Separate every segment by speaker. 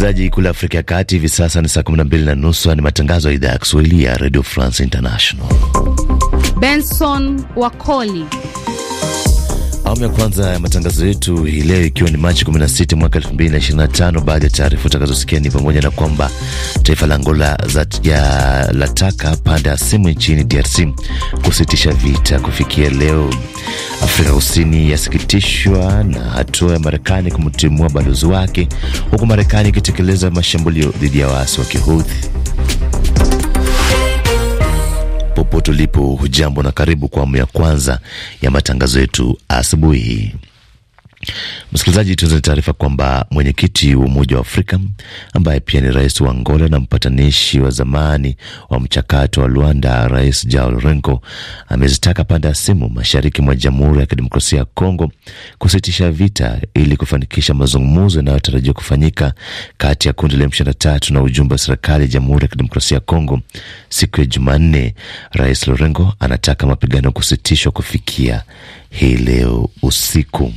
Speaker 1: Msikilizaji kule Afrika ya Kati hivi sasa ni saa 12 na nusu. Ni matangazo ya idhaa ya Kiswahili ya Radio France International. Benson Wakoli Awamu ya kwanza ya matangazo yetu hii leo ikiwa ni Machi 16 mwaka 2025. Baadhi ya taarifa utakazosikia ni pamoja na kwamba taifa la Angola lataka pande ya simu nchini DRC kusitisha vita kufikia leo. Afrika Kusini yasikitishwa na hatua ya Marekani kumtimua balozi wake, huku Marekani ikitekeleza mashambulio dhidi ya waasi wa kihudhi popote ulipo, hujambo na karibu kwa awamu ya kwanza ya matangazo yetu asubuhi hii. Msikilizaji, ni taarifa kwamba mwenyekiti wa Umoja wa Afrika ambaye pia ni rais wa Angola na mpatanishi wa zamani wa mchakato wa Luanda, Rais jao Lourenco amezitaka pande ya simu mashariki mwa Jamhuri ya Kidemokrasia ya Kongo kusitisha vita ili kufanikisha mazungumzo yanayotarajiwa kufanyika kati ya kundi la M23 na ujumbe wa serikali ya Jamhuri ya Kidemokrasia ya Kongo siku ya Jumanne. Rais lorengo anataka mapigano kusitishwa kufikia hii leo usiku.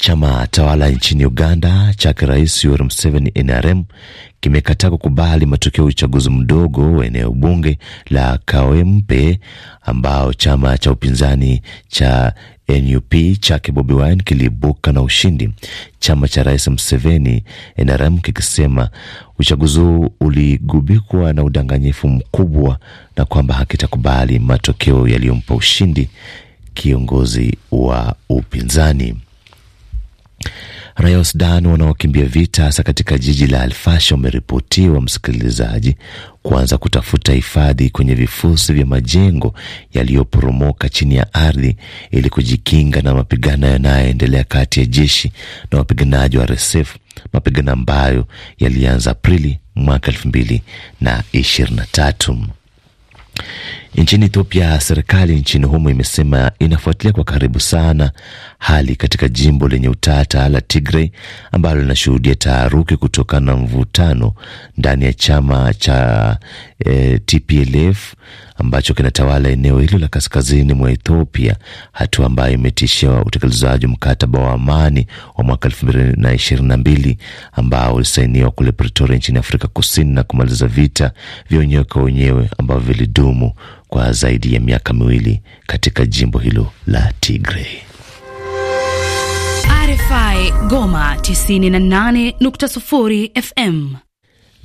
Speaker 1: Chama tawala nchini Uganda cha Rais Yoweri Museveni NRM kimekataa kukubali matokeo ya uchaguzi mdogo wa eneo bunge la Kawempe ambao chama cha upinzani cha NUP chake Bobi Wine kiliibuka na ushindi, chama cha Rais Museveni NRM kikisema uchaguzi huu uligubikwa na udanganyifu mkubwa na kwamba hakitakubali matokeo yaliyompa ushindi kiongozi wa upinzani. Raia wa Sudan wanaokimbia vita hasa katika jiji la Alfasha wameripotiwa, msikilizaji, kuanza kutafuta hifadhi kwenye vifusi vya majengo yaliyoporomoka chini ya ardhi ili kujikinga na mapigano yanayoendelea kati ya jeshi na wapiganaji wa RSF, mapigano ambayo yalianza Aprili mwaka elfu mbili na ishirini na tatu. Nchini Ethiopia, serikali nchini humo imesema inafuatilia kwa karibu sana hali katika jimbo lenye utata la Tigray ambalo linashuhudia taharuki kutokana na mvutano ndani ya chama cha e, eh, TPLF ambacho kinatawala eneo hilo la kaskazini mwa Ethiopia, hatua ambayo imetishia utekelezaji wa mkataba wa amani wa mwaka elfu mbili na ishirini na mbili ambao ulisainiwa kule Pretoria nchini Afrika Kusini na kumaliza vita vya wenyewe kwa wenyewe ambavyo vilidumu kwa zaidi ya miaka miwili katika jimbo hilo la Tigray. RFI Goma 98.0 FM.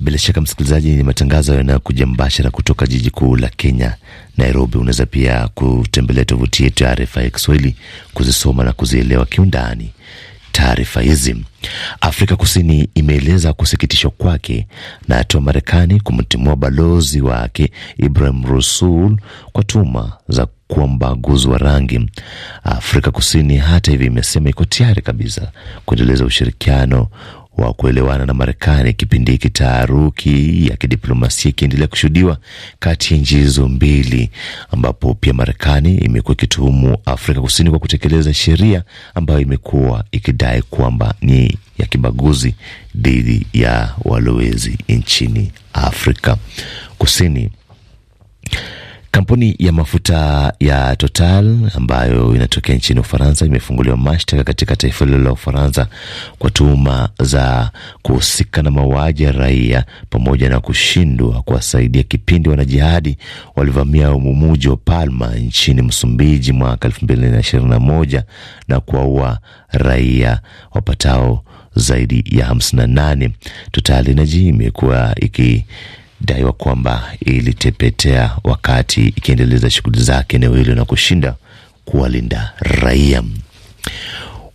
Speaker 1: Bila shaka msikilizaji, ni matangazo yanayokuja mbashara kutoka jiji kuu la Kenya, Nairobi. Unaweza pia kutembelea tovuti yetu ya RFI Kiswahili kuzisoma na kuzielewa kiundani taarifa hizi. Afrika Kusini imeeleza kusikitishwa kwake na hatua Marekani kumtimua balozi wake Ibrahim rusul kwa tuma za kuwa mbaguzi wa rangi. Afrika Kusini hata hivyo, imesema iko tayari kabisa kuendeleza ushirikiano wa kuelewana na Marekani, kipindi hiki taharuki ya kidiplomasia ikiendelea kushuhudiwa kati ya nchi hizo mbili, ambapo pia Marekani imekuwa ikituhumu Afrika Kusini kwa kutekeleza sheria ambayo imekuwa ikidai kwamba ni ya kibaguzi dhidi ya walowezi nchini Afrika Kusini. Kampuni ya mafuta ya Total ambayo inatokea nchini Ufaransa imefunguliwa mashtaka katika taifa hilo la Ufaransa kwa tuhuma za kuhusika na mauaji ya raia pamoja na kushindwa kuwasaidia kipindi wanajihadi walivamia umuji wa Palma nchini Msumbiji mwaka elfu mbili na ishirini na moja na kuwaua raia wapatao zaidi ya nane. Total Energy imekuwa iki ikidaiwa kwamba ilitepetea wakati ikiendeleza shughuli zake eneo hilo na kushinda kuwalinda raia.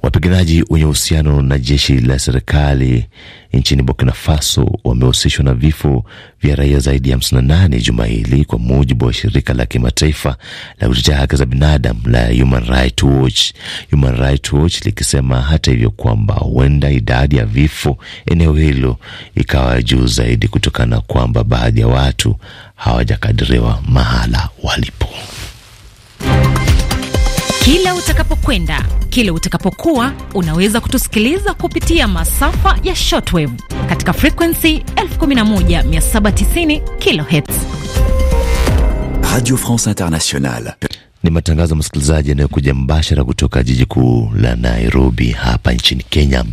Speaker 1: Wapiganaji wenye uhusiano na jeshi la serikali nchini Burkina Faso wamehusishwa na vifo vya raia zaidi ya 58 juma hili, kwa mujibu wa shirika la kimataifa la kutetea haki za binadamu la Human Rights Watch. Human Rights Watch likisema hata hivyo kwamba huenda idadi ya vifo eneo hilo ikawa juu zaidi kutokana na kwamba baadhi ya watu hawajakadiriwa mahala walipo. Kila utakapokwenda, kila utakapokuwa, unaweza kutusikiliza kupitia masafa ya shortwave katika frequency 11790 kHz. Radio France Internationale. Ni matangazo msikilizaji, yanayokuja mbashara kutoka jiji kuu la Nairobi hapa nchini Kenya.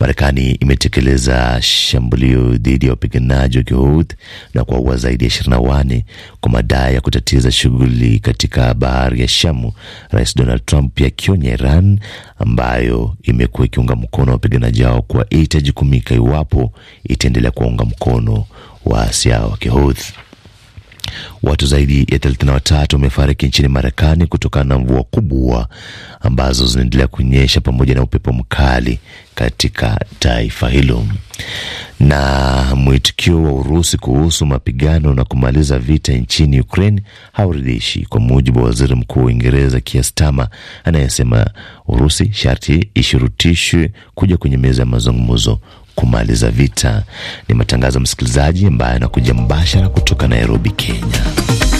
Speaker 1: Marekani imetekeleza shambulio dhidi ya wapiganaji wa Kihouthi na kuwaua zaidi ya ishirini na kwa madai ya kutatiza shughuli katika bahari ya Shamu, Rais Donald Trump akionya Iran ambayo imekuwa ikiunga mkono wapiganaji hao kuwa itajukumika iwapo itaendelea kuwaunga mkono waasi hao wa kihouth Watu zaidi ya 33 wamefariki nchini Marekani kutokana na mvua kubwa ambazo zinaendelea kunyesha pamoja na upepo mkali katika taifa hilo. Na mwitikio wa Urusi kuhusu mapigano na kumaliza vita nchini Ukraine hauridhishi, kwa mujibu wa waziri mkuu wa Uingereza Keir Starmer anayesema Urusi sharti ishurutishwe kuja kwenye meza ya mazungumzo kumaliza vita. Ni matangazo ya msikilizaji ambayo yanakuja mbashara kutoka Nairobi, Kenya.